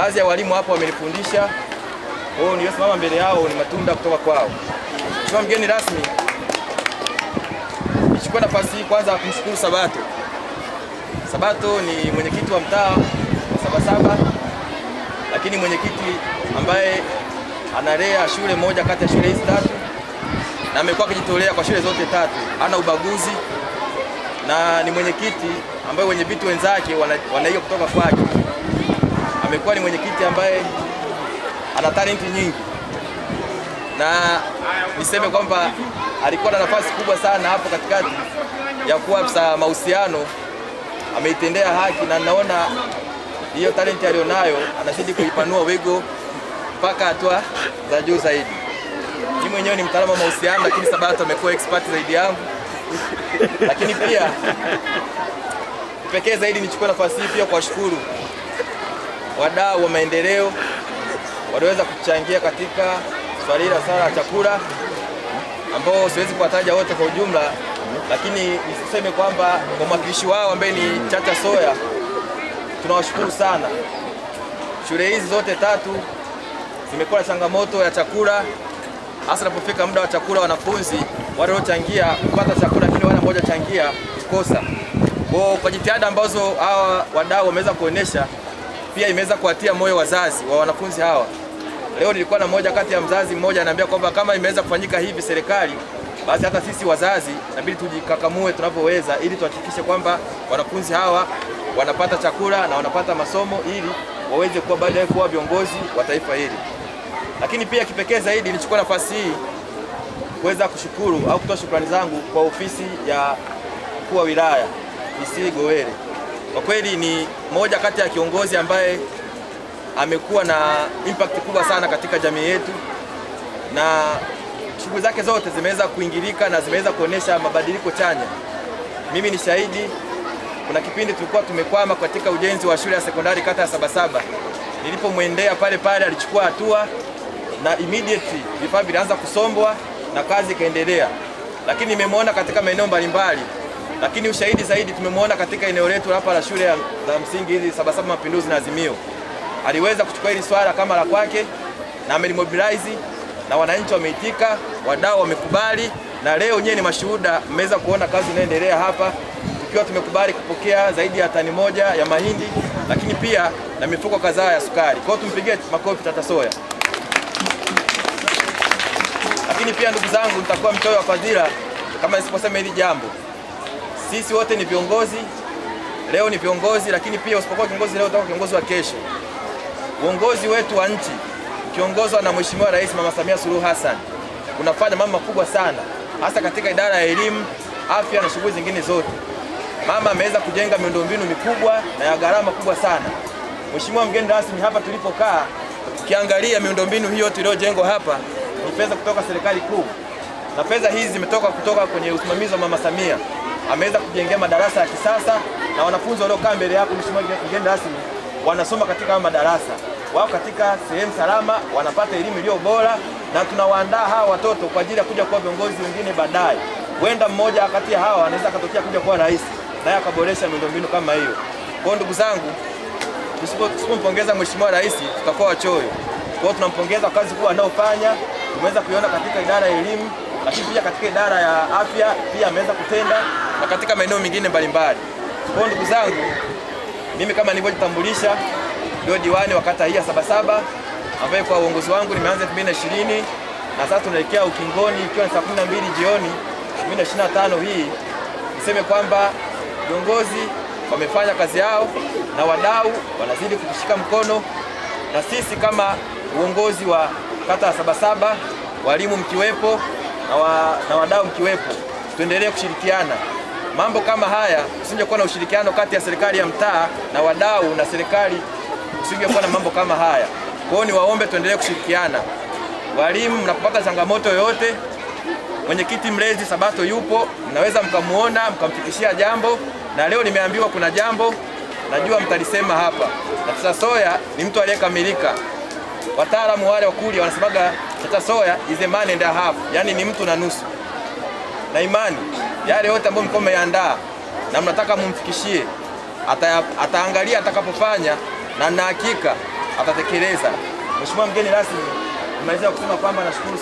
Baadhi ya walimu hapo wamenifundisha, wao niliosimama mbele yao ni matunda kutoka kwao. Mheshimiwa mgeni rasmi, nichukua nafasi hii kwanza kumshukuru Sabato. Sabato ni mwenyekiti wa mtaa wa Sabasaba, lakini mwenyekiti ambaye analea shule moja kati ya shule hizi tatu na amekuwa akijitolea kwa shule zote tatu, hana ubaguzi na ni mwenyekiti ambaye wenye viti wenzake wanaiga wana kutoka kwake amekuwa ni mwenyekiti ambaye ana talenti nyingi, na niseme kwamba alikuwa na nafasi kubwa sana hapo katikati ya kuwa afisa mahusiano. Ameitendea haki na naona hiyo talenti alionayo anazidi kuipanua wigo mpaka hatua za juu zaidi. Mimi mwenyewe ni mtaalamu wa mahusiano, lakini Sabato amekuwa expert zaidi yangu lakini pia pekee zaidi nichukue nafasi hii pia kuwashukuru wadau wa maendeleo waliweza kuchangia katika swali la sala ya chakula, ambao siwezi kuwataja wote kwa ujumla, lakini niseme kwamba kwa mwakilishi wao ambaye ni Chacha Soya, tunawashukuru sana. Shule hizi zote tatu zimekuwa na changamoto ya chakula, hasa napofika muda wa chakula, wanafunzi wale waliochangia kupata chakula kile, wale ambao changia kukosa. Kwa kwa jitihada ambazo hawa wadau wameweza kuonesha pia imeweza kuwatia moyo wazazi wa wanafunzi hawa. Leo nilikuwa na moja kati ya mzazi mmoja anaambia kwamba kama imeweza kufanyika hivi serikali, basi hata sisi wazazi inabidi tujikakamue tunavyoweza, ili tuhakikishe kwamba wanafunzi hawa wanapata chakula na wanapata masomo ili waweze kuwa baadaye kuwa viongozi wa taifa hili. Lakini pia kipekee zaidi nichukua nafasi hii kuweza kushukuru au kutoa shukrani zangu kwa ofisi ya mkuu wa wilaya Isili Gowele kwa kweli ni moja kati ya kiongozi ambaye amekuwa na impact kubwa sana katika jamii yetu na shughuli zake zote zimeweza kuingilika na zimeweza kuonesha mabadiliko chanya. Mimi ni shahidi, kuna kipindi tulikuwa tumekwama katika ujenzi wa shule ya sekondari kata ya Sabasaba. Nilipomwendea pale pale alichukua hatua na immediate vifaa vilianza kusombwa na kazi ikaendelea, lakini nimemwona katika maeneo mbalimbali lakini ushahidi zaidi tumemwona katika eneo letu hapa la shule za msingi hizi Sabasaba Mapinduzi na Azimio, aliweza kuchukua hili swala kama la kwake na amelimobilize na wananchi wameitika, wadau wamekubali, na leo nyewe ni mashuhuda, mmeweza kuona kazi inaendelea hapa tukiwa tumekubali kupokea zaidi ya tani moja ya mahindi, lakini pia na mifuko kadhaa ya sukari. Kwa hiyo tumpigie makofi Tata Soya. Lakini pia ndugu zangu, nitakuwa mtoyo wa fadhila kama nisiposema hili jambo. Sisi wote ni viongozi, leo ni viongozi, lakini pia usipokuwa kiongozi leo utakuwa kiongozi wa kesho. Uongozi wetu wa nchi ukiongozwa na Mheshimiwa Rais Mama Samia Suluhu Hassan unafanya mambo makubwa sana, hasa katika idara ya elimu, afya na shughuli zingine zote. Mama ameweza kujenga miundombinu mikubwa na ya gharama kubwa sana. Mheshimiwa mgeni rasmi, hapa tulipokaa, ukiangalia miundombinu hiyo yote iliyojengwa hapa ni fedha kutoka serikali kuu, na fedha hizi zimetoka kutoka kwenye usimamizi wa Mama Samia ameweza kujengea madarasa ya kisasa na wanafunzi waliokaa mbele yako mheshimiwa mgeni rasmi wanasoma katika madarasa wao katika sehemu salama, wanapata elimu iliyo bora, na tunawaandaa hawa watoto kwa ajili ya kuja kuwa viongozi wengine baadaye. Huenda mmoja kati ya hawa anaweza akatokea kuja kuwa rais, naye akaboresha miundombinu kama hiyo. Kwa ndugu zangu, tusipompongeza mheshimiwa rais tutakuwa wachoyo. Kwa hiyo tunampongeza kazi kubwa anayofanya, tumeweza kuiona katika idara ya elimu lakini pia katika idara ya afya pia ameweza kutenda na katika maeneo mengine mbalimbali. Kwa ndugu zangu, mimi kama nilivyojitambulisha ndio diwani wa kata hii ya Sabasaba ambaye kwa uongozi wangu nimeanza 2020 na sasa tunaelekea ukingoni ikiwa ni saa 12 jioni 2025 hii. Niseme kwamba viongozi wamefanya kazi yao na wadau wanazidi kutushika mkono, na sisi kama uongozi wa kata ya Sabasaba, walimu mkiwepo na, wa, na wadau mkiwepo, tuendelee kushirikiana mambo kama haya. Usingekuwa na ushirikiano kati ya serikali ya mtaa na wadau na serikali, usingekuwa na mambo kama haya. Kwa hiyo niwaombe tuendelee kushirikiana. Walimu mnapopata changamoto yoyote, mwenyekiti mlezi Sabato yupo, mnaweza mkamuona mkamfikishia jambo, na leo nimeambiwa kuna jambo najua mtalisema hapa. Afisa Soya ni mtu aliyekamilika, wataalamu wale wakuli wanasemaga sasa soya is a man and a half, yani ni mtu na nusu. Na imani yale yote ambayo mko mmeandaa na mnataka mumfikishie, ata, ataangalia atakapofanya, na na hakika atatekeleza. Mheshimiwa mgeni rasmi, nimaliza kusema kwamba nashukuru